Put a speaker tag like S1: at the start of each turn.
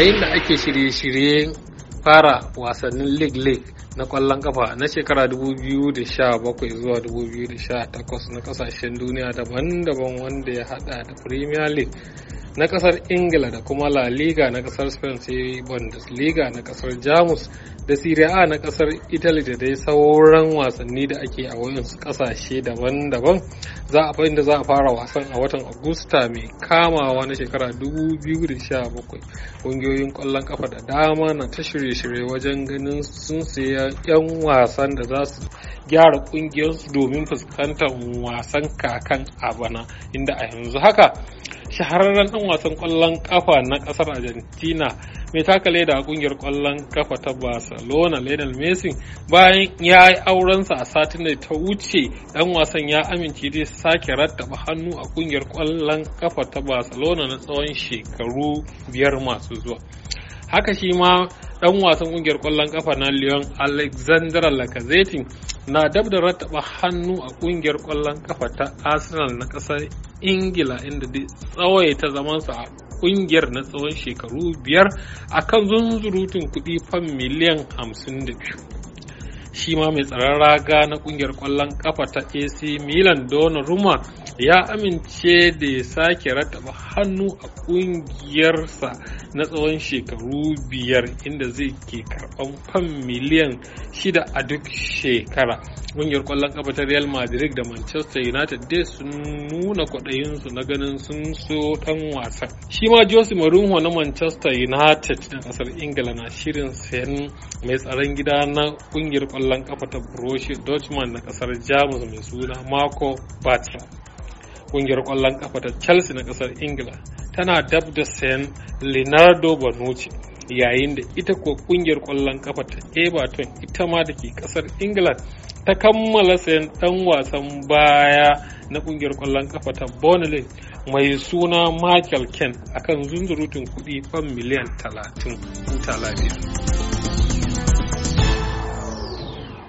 S1: yayin da ake shirye-shiryen fara wasannin league league na kwallon kafa na shekara 2017 zuwa 2018 na kasashen duniya daban-daban wanda ya hada da premier league na kasar ingila da kuma la liga na kasar spain sai bundesliga na kasar jamus da serie a na kasar italy da dai sauran wasanni da ake a wayansu kasashe daban-daban za a fahimta za a fara wasan a watan agusta mai kamawa na shekara 2017 ƙungiyoyin ƙwallon kafa da dama na ta shirye-shirye wajen ganin sun siya 'yan wasan da za su gyara ƙungiyarsu domin fuskantar wasan kakan a bana inda a yanzu haka shahararren dan wasan kwallon kafa na kasar argentina mai taka leda a ƙungiyar kwallon kafa ta barcelona lionel messi bayan ya yi aurensa a satin da ta wuce dan wasan ya amince zai sake rattaba hannu a kungiyar kwallon kafa ta barcelona na tsawon shekaru biyar masu zuwa haka shi ma dan wasan kungiyar kwallon kafa na Lyon Alexander Lacazette na dab da rattaba hannu a kungiyar kwallon kafa ta Arsenal na kasar Ingila inda dai tsawaita zamansa a kungiyar na tsawon shekaru biyar akan zunzurutun kuɗi fan miliyan 52. shi ma mai tsaron raga na kungiyar kwallon kafa ta AC Milan Donnarumma ya amince da ya sake rataba hannu a kungiyarsa na tsawon shekaru biyar inda zai ke karban fam miliyan shida a duk shekara kungiyar kwallon kafa ta real madrid da manchester united dai sun nuna kwaɗayinsu na ganin sun so ɗan wasan shi ma jose mourinho na manchester united na ƙasar ingila na shirin sayan mai tsaron gida na ƙungiyar kwallon kafa ta borussia dortmund na ƙasar jamus mai suna marco bartra kungiyar kwallon kafa ta chelsea na kasar ingila tana dab da sayan leonardo bonucci yayin da ita ko kungiyar kwallon kafa ta everton ita ma da ke kasar ingila ta kammala sayan dan wasan baya na kungiyar kwallon kafa ta Burnley mai suna Michael Ken akan zunzurutun kudi fan miliyan 30 huta lafiya.